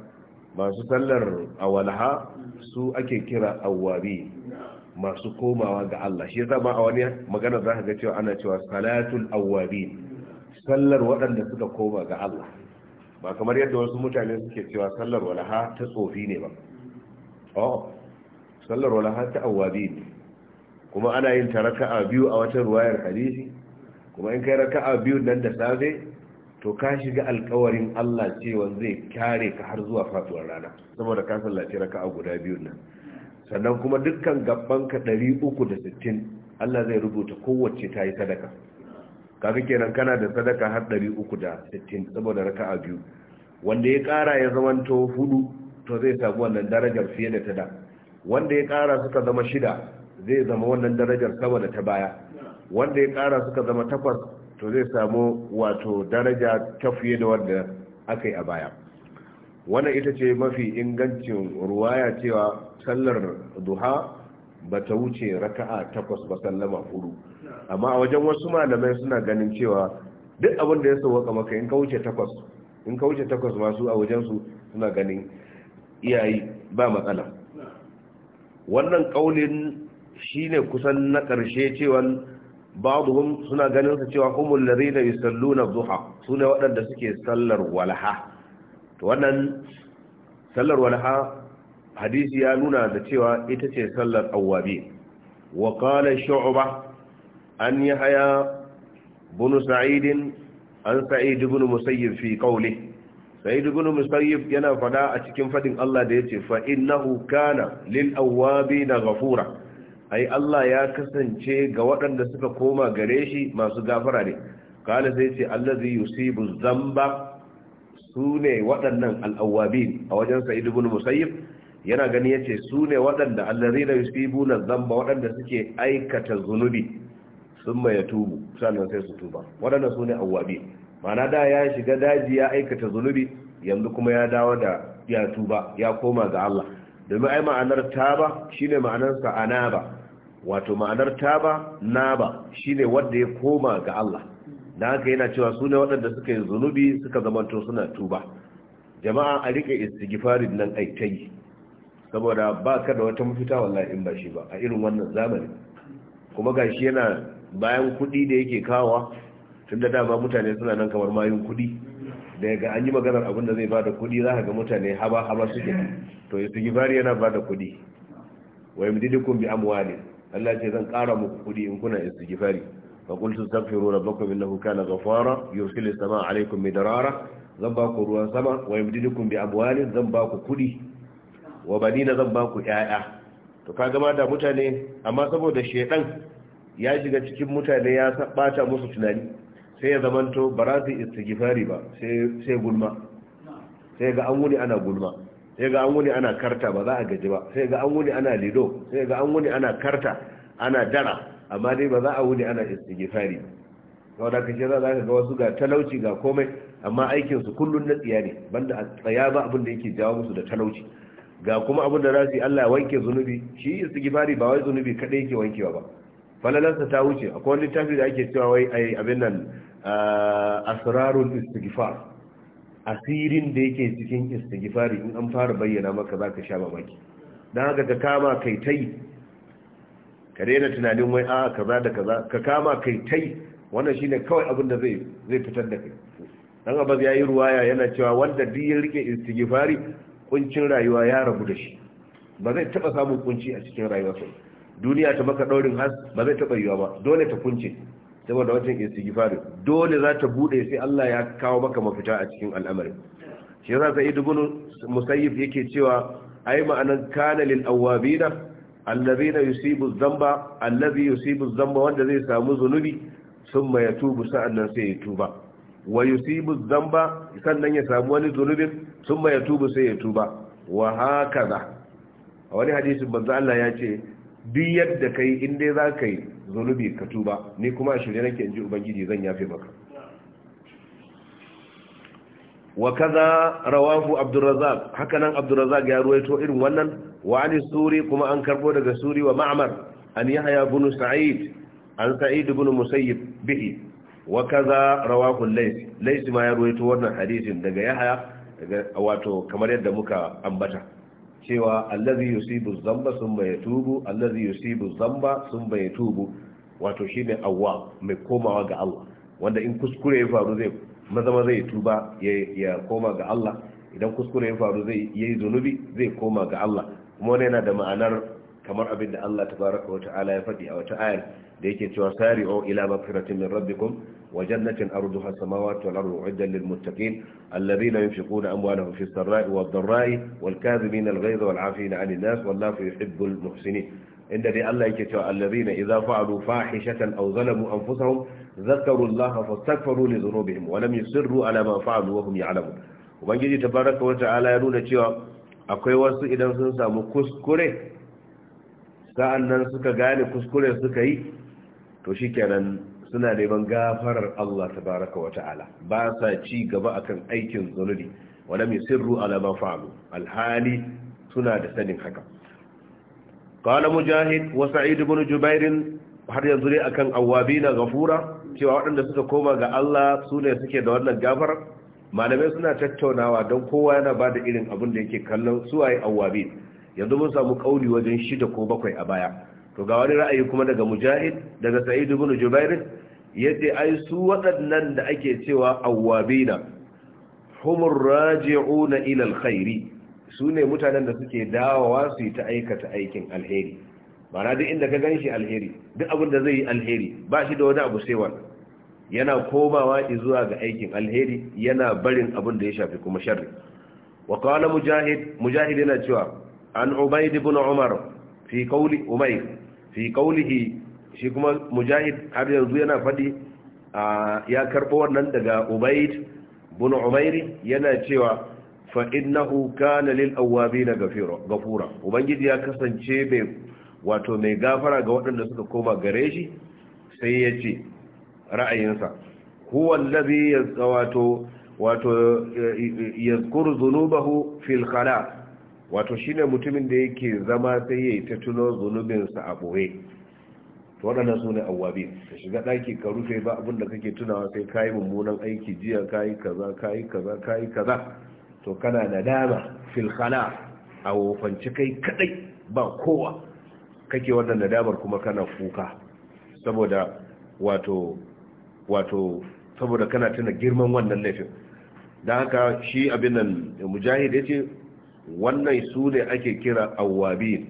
masu sallar awalha su ake kira awabi masu komawa ga Allah shi zama a wani magana za ka ga cewa ana cewa salatul awabi sallar waɗanda suka koma ga Allah ba kamar yadda wasu mutane suke cewa sallar walaha ta tsofi ne ba oh sallar walaha ta awabi ne kuma ana yin ta raka'a biyu a wata ruwayar hadisi kuma in kai raka'a biyu nan da safe to ka shiga alkawarin Allah cewa zai kare ka har zuwa faduwar rana saboda ka raka a guda biyu nan sannan kuma dukkan gabban ka 360 Allah zai rubuta kowace ta yi sadaka kaga kenan kana da sadaka har 360 saboda raka a biyu wanda ya kara ya zamanto hudu to zai samu wannan darajar fiye da ta da wanda ya kara suka zama shida zai zama wannan darajar sama da ta baya wanda ya kara suka zama takwas to zai samu wato daraja ta fiye da wanda aka yi a baya wannan ita ce mafi ingancin ruwaya cewa sallar duha ba ta wuce raka'a takwas ba sallama hudu amma a wajen wasu malamai suna ganin cewa duk abin da ya sauwaka maka in ka wuce takwas in ka wuce takwas masu a wajensu suna ganin iyayi ba matsala wannan shi shine kusan na ƙarshe cewa ba'dhum suna ganin su cewa humul ladina yusalluna dhuha sune waɗanda suke sallar walha to wannan sallar walha hadisi ya nuna da cewa ita ce sallar awwabi wa qala shu'ba an yahya bin sa'id an sa'id ibn musayyib fi qawli sa'id ibn musayyib yana fada a cikin fadin Allah da yace fa innahu kana lil awwabina ghafura ai Allah ya kasance ga waɗanda suka koma gare shi masu gafara ne kala sai ce allazi yusibu zamba su ne waɗannan al'awwabin a wajen sa'id ibn musayyib yana gani yace su ne waɗanda allazina na zamba waɗanda suke aikata zunubi sun mai tubu sannan sai su tuba waɗanda su ne awwabi mana da ya shiga daji ya aikata zunubi yanzu kuma ya dawo da ya tuba ya koma ga Allah domin ai ma'anar taba shine ma'anar sa'ana ba wato ma'anar taba naba shine wanda ya koma ga Allah da haka yana cewa su ne waɗanda suka yi zunubi suka zamanto suna tuba jama'a a rike istighfarin nan ai ta saboda ba ka da wata mafita wallahi in ba shi ba a irin wannan zamani kuma gashi yana bayan kuɗi da yake kawa tunda da dama mutane suna nan kamar mayun kuɗi daga an yi maganar abin da zai bada kuɗi za ka ga mutane haba haba suke to istighfari yana bada kuɗi wa yamdidukum bi amwalin Allah ce zan ƙara muku kuɗi in kuna istighfari fa qultu astaghfiru rabbakum innahu kana ghafara yursilu samaa alaykum midrara zan ba ku ruwan sama wa yamdidukum bi amwalin zan ba ku kuɗi wa banina zan ba ku ƴaƴa to kaga ma mutane amma saboda shedan ya shiga cikin mutane ya bata musu tunani sai ya zamanto ba za su istighfari ba sai gulma sai ga an wuni ana gulma sai ga an wuni ana karta ba za a gaji ba sai ga an wuni ana lido sai ga an wuni ana karta ana dara amma dai ba za a wuni ana istighfari sau da kashe za ka ga wasu ga talauci ga komai amma aikinsu kullum na tsiya ne banda a tsaya ba abin da yake jawo musu da talauci ga kuma abin da za su yi Allah ya wanke zunubi shi istighfari ba wai zunubi kadai yake wankewa ba falalansa ta wuce akwai wani littafi da ake cewa wai ai abin nan ah, asrarul istighfar asirin da yake cikin istighfari in an fara bayyana maka zaka sha mamaki dan haka ka kama kai tai ka daina tunanin wai a kaza da kaza ka kama kai tai wannan shine kawai abin da zai zai fitar da kai dan abaz yi ruwaya yana cewa wanda duk ya rike istighfari kuncin rayuwa ya rabu da shi ba zai taba samun kunci a cikin rayuwa sai duniya ta maka daurin has ba zai taba yiwa ba dole ta kunce saboda wancan istighfarin dole za ta bude sai Allah ya kawo maka mafita a cikin al'amarin shi yasa sai ibn musayyib yake cewa ai ma'anan kana lil awabina allazina yusibu dhanba allazi yusibu dhanba wanda zai samu zunubi summa yatubu sa'annan sai ya tuba wa yusibu dhanba sannan ya samu wani zunubin summa yatubu sai ya tuba wa hakaza wani hadisin manzo Allah ya ce duk yadda kai in dai za ka yi zunubi ka tuba ni kuma a shirya nake in ji ubangiji zan yafe maka wa kaza rawahu abdurrazzaq hakanan abdurrazzaq ya ruwaito irin wannan wa ani suri kuma an karbo daga suri wa ma'mar an yahya ibn sa'id an sa'id ibn musayyib bihi wa kaza rawahu al-lays lays ma ya ruwaito wannan hadisin daga yahya daga wato kamar yadda muka ambata cewa allazi yusibu zamba sun bai tubu allazi yusibu zamba sun bai tubu wato shine awwa mai komawa ga Allah wanda in kuskure ya faru zai mazama zai tuba ya koma ga Allah idan kuskure ya faru zai yi zunubi zai koma ga Allah kuma wani yana da ma'anar kamar abinda da Allah tabaraka wa ta'ala ya faɗi a wata ayar da yake cewa sari'u ila mafiratin min rabbikum وجنة أرضها السماوات والأرض عدا للمتقين الذين ينفقون أموالهم في السراء والضراء والكاذبين الغيظ والعافين عن الناس والله يحب المحسنين إن دي الله يكتوى الذين إذا فعلوا فاحشة أو ظلموا أنفسهم ذكروا الله فاستغفروا لذنوبهم ولم يصروا على ما فعلوا وهم يعلمون وبنجي تبارك وتعالى يقول cewa akwai wasu idan sun samu kuskure sa'annan suka gane kuskure suka yi to shikenan suna neman gafarar Allah Ta baraka wa ta'ala ba sa ci gaba akan aikin zunubi wala mai sirru a ma fa'alu alhali suna da sanin haka qala mujahid wa sa'id ibn jubairin har yanzu ne akan na gafura, cewa waɗanda suka koma ga Allah su ne suke da wannan gafar malamai suna tattaunawa don kowa yana ba da irin abin da yake kallon suwaye awabin yanzu mun samu kauli wajen shida ko bakwai a baya to ga wani ra'ayi kuma daga mujahid daga Sa'idu ibn jubair yace ai su waɗannan da ake cewa awwabina humur raji'una ila alkhairi sune mutanen da suke dawowa su yi ta aikata aikin alheri mana duk inda ka ganshi alheri duk abin da zai yi alheri ba shi da wani abu sai wa yana komawa zuwa ga aikin alheri yana barin abin da ya shafi kuma sharri wa qala mujahid mujahid yana cewa an ubaid ibn umar fi qawli umayr fi kaulihi shi kuma mujahid har yanzu yana fadi ya karbo wannan daga ubaid bin umairi yana cewa fa innahu kana lil awabin gafura ubangiji ya kasance mai wato mai gafara ga waɗanda suka koma gare shi sai ya ce ra'ayinsa huwa allazi wato wato yazkuru dhunubahu fil khala wato shine mutumin da yake zama sai yayi ta tuno zunubinsa a ɓoye. to waɗannan su ne awabi ka shiga ɗaki ka rufe ba abin kake tunawa sai ka yi mummunan aiki jiya ka yi kaza yi kaza yi kaza to kana nadama fil khala a wofanci kai kaɗai ba kowa kake wannan nadamar kuma kana kuka saboda wato wato saboda kana tuna girman wannan laifin don haka shi abin nan mujahid ya ce wannan su ne ake kira awwabin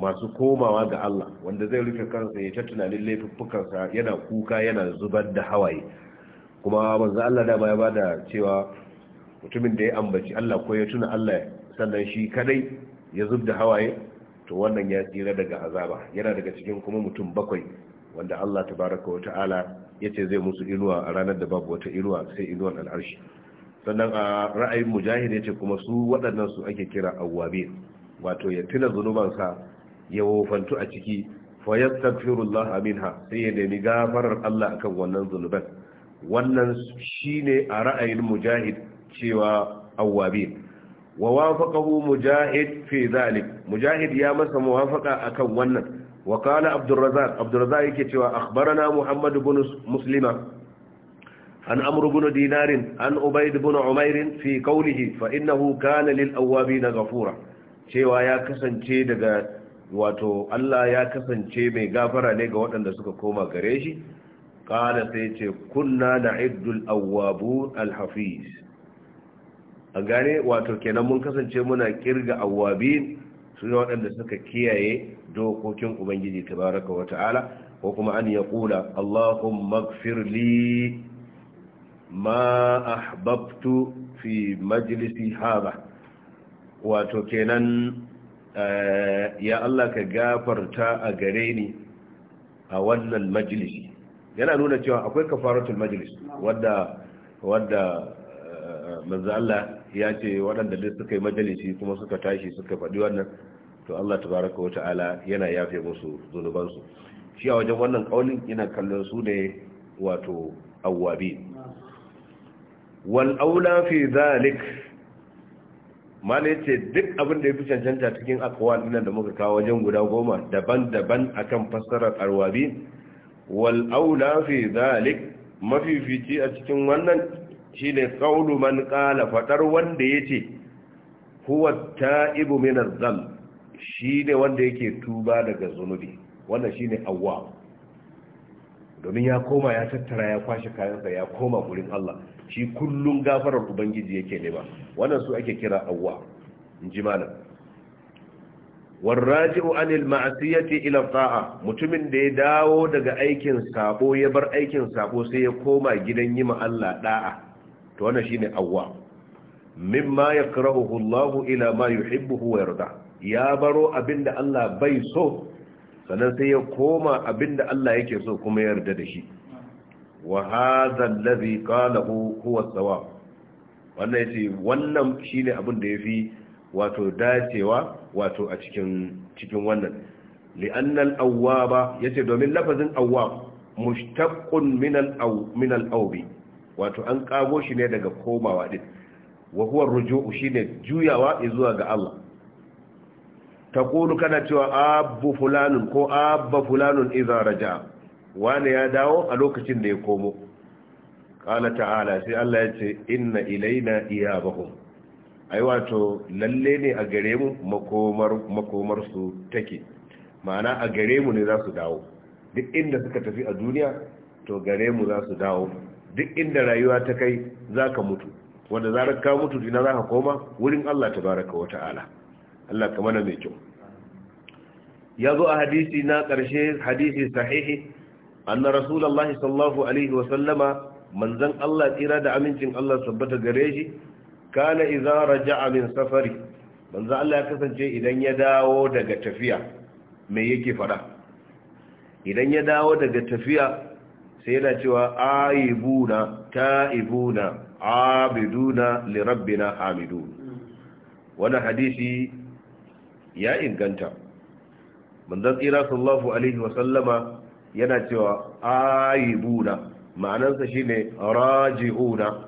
masu komawa ga Allah wanda zai rufe kansa ya ta tunanin laifuffukansa yana kuka yana zubar da hawaye kuma manzo Allah da ya bada cewa mutumin da ya ambaci Allah ko ya tuna Allah sannan shi kadai ya zubda hawaye to wannan ya tsira daga azaba yana daga cikin kuma mutum bakwai wanda Allah tabaraka wa ta'ala yace zai musu inuwa a ranar da babu wata inuwa sai inuwan al'arshi sannan a ra'ayin mujahid ya ce kuma su waɗannan su ake kira awwabi wato ya tuna zunubansa ya wofantu a ciki fa yastaghfirullah minha sai ya nemi gafarar Allah akan wannan zunuban wannan shine a ra'ayin mujahid cewa awwabi wa wafaqahu mujahid fi zalik mujahid ya masa muwafaqa akan wannan wa qala abdurrazzaq abdurrazzaq yake cewa akhbarana muhammad ibn muslima An عن أمر بن دينار عن أبيد بن عمير في قوله فإنه كان na gafura. cewa ya kasance daga wato Allah ya kasance mai gafara ne ga waɗanda suka koma gare shi kana sai ce kunna na'iddul awwabun alhafiz an gane wato kenan mun kasance muna kirga awwabin suna waɗanda suka kiyaye dokokin ubangiji tabaraka wa ta'ala ko kuma an yaqula allahumma ighfir li ma ahbabtu fi majalisi haba wato kenan eh, ya Allah ka gafarta a gare ni a wannan majalisi yana nuna cewa akwai kafaratul majalis wadda wadda eh, manzo Allah ya ce waɗanda duk suka yi majalisi kuma suka tashi suka faɗi wannan to Allah tabaraka wa ta'ala yana yafe musu zunubansu shi a wajen wannan kaulin ina kallon su ne wato awwabi wal aula fi zalik ce duk abin da ya fi cancanta cikin akwal da muka kawo wajen guda goma daban-daban akan fassarar arwabi wal aula fi zalik mafifici a cikin wannan shine ne man qala fatar wanda yace huwa ta'ibu min adh shi shine wanda yake tuba daga zunubi wannan shine Awwa. domin ya koma ya tattara ya kwashe kayansa ya koma gurin Allah shi kullum gafarar ubangiji yake ba. wannan su ake kira awwa in ji malam warraji'u anil ma'siyati ila ta'a mutumin da ya dawo daga aikin sabo ya bar aikin sabo sai ya koma gidan yi ma Allah da'a to wannan shine awwa mimma yakrahu Allah ila ma yuhibbu wa yarda ya baro abinda Allah bai so sannan sai ya koma abinda Allah yake so kuma yarda da shi wa hadha alladhi qalahu huwa sawab wannan yace wannan shine abin da yafi wato dacewa wato a cikin cikin wannan li'anna al-awwaba yace domin lafazin awwab mushtaqqun min al-aw min al-awbi wato an kago shi ne daga komawa din wa huwa ruju'u shine juyawa zuwa ga Allah taqulu kana cewa abu fulanun ko abba fulanun idza raja'a wane ya dawo a lokacin da ya komo qala ta'ala sai Allah ya ce inna ilaina iyabahum ai wato lalle ne a gare mu makomar makomar su take ma'ana a gare mu ne za su dawo duk inda suka tafi a duniya to gare mu za su dawo duk inda rayuwa ta kai za ka mutu wanda za ka mutu ina za ka koma wurin Allah baraka wa ta'ala Allah ka mai kyau ya zo a hadisi na ƙarshe hadisi sahihi Ana rasulullahi sallallahu alaihi wa sallama manzon Allah tsira da amincin Allah sabbata gare shi kana idza raja'a min safari manzon Allah ya kasance idan ya dawo daga tafiya me yake faɗa. idan ya dawo daga tafiya sai yana cewa aibuna ta'ibuna abiduna lirabbina hamidun wannan hadisi ya inganta manzon tsira sallallahu alaihi wa sallama yana cewa ayibuna ma'anarsa shine raji'una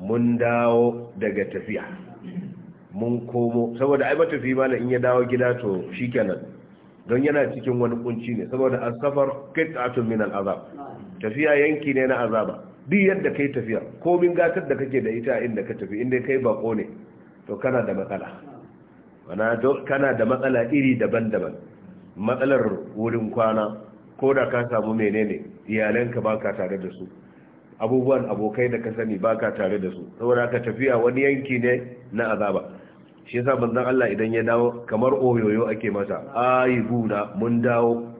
mun dawo daga tafiya mun komo saboda ai matafi malam in ya dawo gida to shikenan don yana cikin wani kunci ne saboda safar qit'atun min al'azab tafiya yanki ne na azaba duk yadda kai tafiya komin gatar da kake da ita inda ka tafi inda kai bako ne to kana da matsala kana da matsala iri daban-daban matsalar wurin kwana ko da ka samu menene iyalanka ba ka tare da su abubuwan abokai da ka sani ba ka tare da su saboda ka tafiya wani yanki ne na azaba shi yasa manzon Allah idan ya dawo kamar oyoyo ake masa buna mun dawo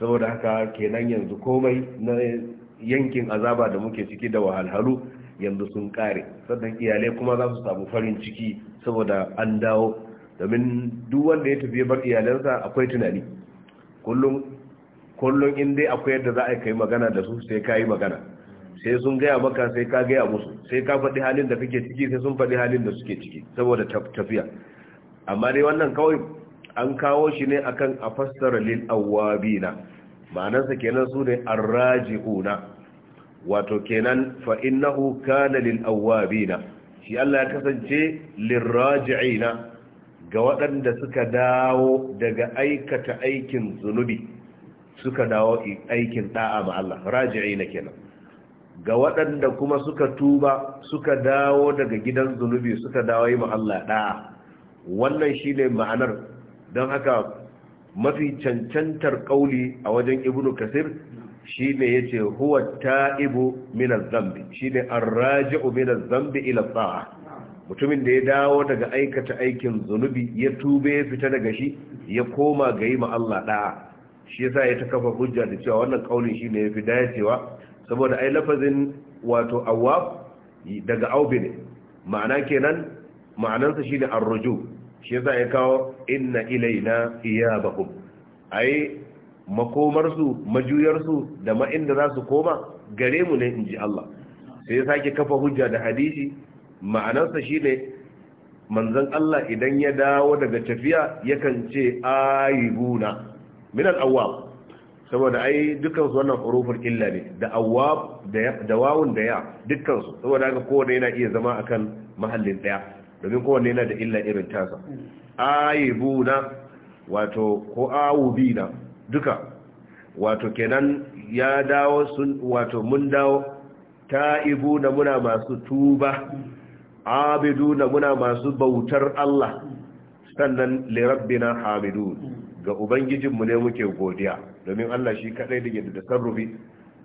saboda haka kenan yanzu komai na yankin azaba da muke ciki da wahalhalu yanzu sun kare sannan iyalai kuma za su samu farin ciki saboda an dawo domin duk wanda ya tafi bar iyalansa akwai tunani kullum kullum in dai akwai yadda za a kai magana da su sai ka yi magana sai sun gaya maka sai ka gaya musu sai ka faɗi halin da kake ciki sai sun faɗi halin da suke ciki saboda tafiya amma dai wannan kawai an kawo shi ne akan a fassara lil awabina ma'anarsa kenan su ne arraji'una wato kenan fa innahu kana lil awabina shi Allah ya kasance raji'ina ga waɗanda suka dawo daga aikata aikin zunubi suka dawo aikin da'a ba Allah raji'i na kenan ga waɗanda kuma suka tuba suka dawo daga gidan zunubi suka dawo yi ma Allah da'a wannan shine ma'anar don haka mafi cancantar kauli a wajen ibnu kasir shine yace huwa ta'ibu min adh shine ar-raji'u min adh ila ta'a mutumin da ya dawo daga aikata aikin zunubi ya tube ya fita daga shi ya koma ga yi ma Allah da'a shi ya sa ya ta kafa hujja da cewa wannan shi ne ya fi dacewa saboda ai lafazin wato awwab daga aube ne ma'ana kenan ma'anansa shi ne ar-ruju shi ya sa ya kawo inna ilaina A ai makomarsu majuyarsu da ma inda za su koma gare mu ne in ji Allah sai ya sake kafa hujja da hadisi ma'anarsa shine manzon Allah idan ya dawo daga tafiya yakan ce buna." min al saboda ai dukkan su wannan huruful illa ne da awwab da da wawun da ya dukkan su saboda haka kowanne yana iya zama akan mahallin daya domin kowanne yana da illa irin tasa ayibuna wato ko awubina duka wato kenan ya dawo sun wato mun dawo ta'ibuna muna masu tuba abiduna muna masu bautar Allah sannan lirabbina habidun ga ubangijinmu ne muke godiya domin Allah shi kadai da yadda tasarrufi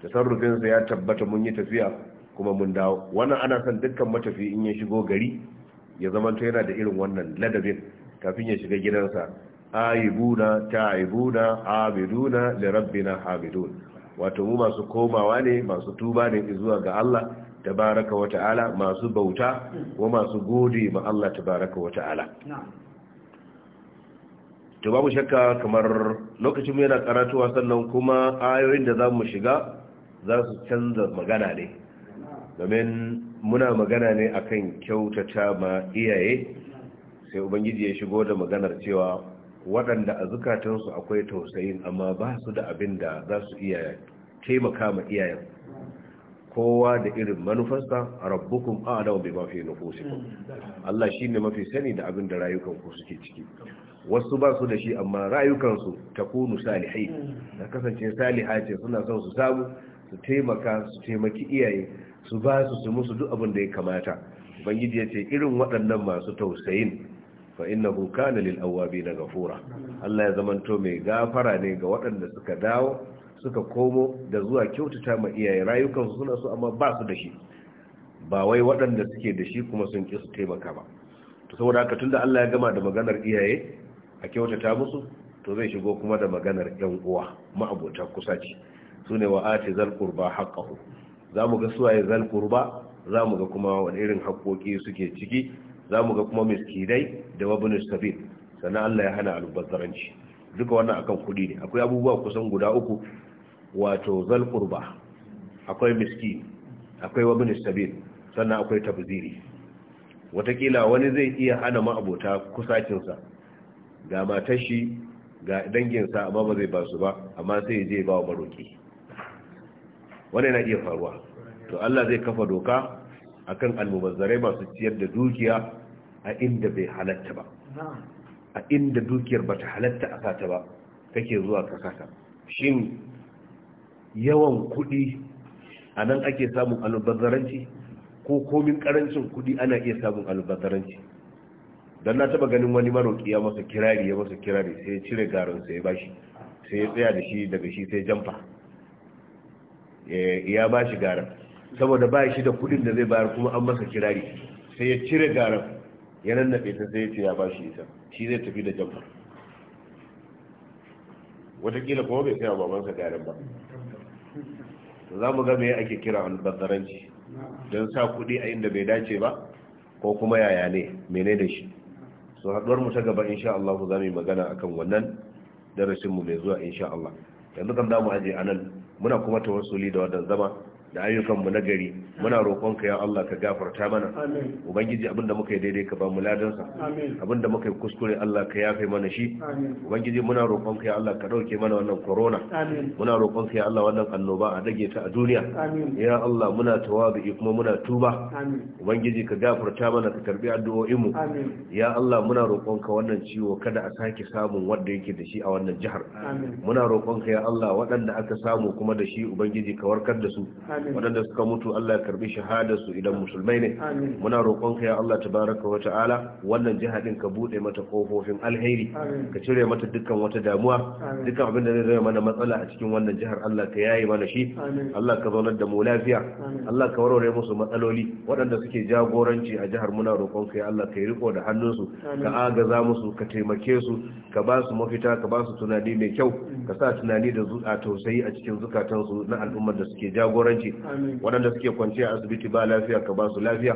tasarrufinsa ya tabbata mun yi tafiya kuma mun dawo wannan ana son dukkan matafi in ya shigo gari ya ta yana da irin wannan ladabin kafin ya shiga gidansa aibuna ta'ibuna abiduna li rabbina habidun wato mu masu komawa ne masu tuba ne zuwa ga Allah tabaraka wa ta'ala masu bauta ko masu gode ma Allah tabaraka wa ta'ala to babu shakka kamar lokacin mu yana karatuwa sannan kuma ayoyin da zamu shiga za su canza magana ne domin muna magana ne akan kyautata ma iyaye sai ubangiji ya shigo da maganar cewa waɗanda a zukatansu akwai tausayin amma ba su da abin da za su iya taimaka ma iyayen kowa da irin manufarsa rabbukum a'lamu bima fi nufusikum hmm. Allah shi ne mafi sani da abin da rayukan ku suke ciki wasu ba su da shi amma rayukansu ta kunu salihai mm. na kasance saliha ce suna son su samu su taimaka su taimaki iyaye su ba su su musu duk abin da ya kamata ubangiji ya ce irin waɗannan masu tausayin fa hu kana lil na ghafura Allah ya zamanto mai gafara ne ga waɗanda suka dawo suka komo da zuwa kyautata ma iyaye rayukansu suna so amma ba su da shi ba wai waɗanda suke da shi kuma sun ƙi su taimaka ba to saboda haka tunda Allah ya gama da maganar iyaye a kyautata musu to zai shigo kuma da maganar yan uwa ma'abota kusa ce su ne wa ati zal qurba haqqahu za mu ga suwaye zal qurba za mu ga kuma wani irin haƙoƙi suke ciki za mu ga kuma miskidai da wabin sabil sannan Allah ya hana albazaranci duka wannan akan kuɗi ne akwai abubuwa kusan guda uku wato zal qurba akwai miski akwai wabin sabil sannan akwai tabziri watakila wani zai iya hana ma'abota kusacinsa ga matar shi ga danginsa amma ba zai basu ba amma sai zai ba wa maroki wannan na iya faruwa to Allah zai kafa doka akan almubazzarai masu ciyar da dukiya a inda bai halatta ba a inda dukiyar ba ta halatta a ta ba kake zuwa ka sata shin yawan kuɗi a nan ake samun almubazzaranci ko komin ƙarancin kuɗi ana iya samun almubazzaranci dan na taba ganin wani maroki ya masa kirari ya masa kirari sai ya cire garin sai ya bashi sai ya tsaya da shi daga shi sai jamfa ya bashi garin saboda ba shi da kudin da zai bayar kuma an masa kirari sai ya cire garin ya nannaɗe ta sai ya ce ya bashi ita shi zai tafi da jamfa watakila kuma bai sai babansa garin ba za mu ga me ake kira albazaranci don sa kudi a inda bai dace ba ko kuma yaya ne mene da shi to haɗuwar mu ta gaba insha Allah za mu yi magana akan wannan darasin mu mai zuwa insha Allah yanzu kan da mu aje anan muna kuma tawassuli da wannan zama da ayyukanmu na gari muna roƙonka ya Allah ka gafarta mana ubangiji abinda muka yi daidai ka ba mu ladansa abinda muka yi kuskure Allah ka yafe mana shi ubangiji muna roƙonka ya Allah ka dauke mana wannan corona muna roƙonka ya Allah wannan annoba a dage ta a duniya ya Allah muna tawabi kuma muna tuba ubangiji ka gafarta mana ka karbi addu'o'in mu ya Allah muna roƙonka wannan ciwo kada a sake samun wanda yake da shi a wannan jihar muna roƙonka ya Allah waɗanda aka samu kuma da shi ubangiji ka warkar da su waɗanda suka mutu Allah ya karbi shahadarsu idan musulmai ne muna ka ya Allah tabaraka wa ta'ala wannan jiha din ka bude mata kofofin alheri ka cire mata dukkan wata damuwa dukkan abin da zai zama mana matsala a cikin wannan jihar Allah ka yaye mana shi Allah ka zaunar da mu lafiya Allah ka warware musu matsaloli waɗanda suke jagoranci a jihar muna ka ya Allah ka yi riko da hannunsu ka agaza musu ka taimake su ka ba su mafita ka ba su tunani mai kyau mm. ka sa tunani da a tausayi a cikin zukatansu na al'ummar da suke jagoranci asibiti waɗanda suke kwanci a asibiti ba lafiya ka ba su lafiya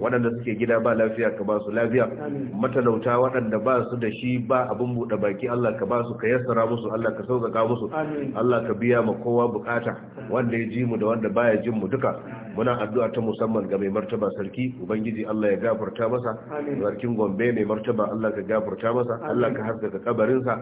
waɗanda suke gida ba lafiya ka ba su lafiya matalauta waɗanda ba su da shi ba abin buɗe baki Allah ka ba su ka yassara musu Allah ka sauƙaƙa musu Allah ka biya ma kowa bukata wanda ya ji mu da wanda baya jin mu duka muna addu'a ta musamman ga mai martaba sarki ubangiji Allah ya gafarta masa sarkin Gombe mai martaba Allah ka gafarta masa Allah ka haskaka kabarinsa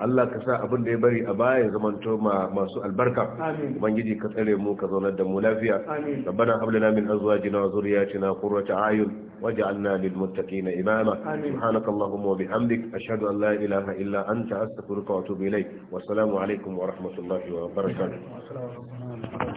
Allah ka sa abin da ya bari a baya ya to masu albarka ubangiji ka tsare mu ka zaunar da mu lafiya rabbana hab lana min azwajina wa zurriyyatina qurrata a'yun waj'alna lil muttaqina imama subhanaka allahumma wa bihamdik ashhadu an la ilaha illa anta astaghfiruka wa atubu ilayk wa assalamu alaikum wa rahmatullahi wa barakatuh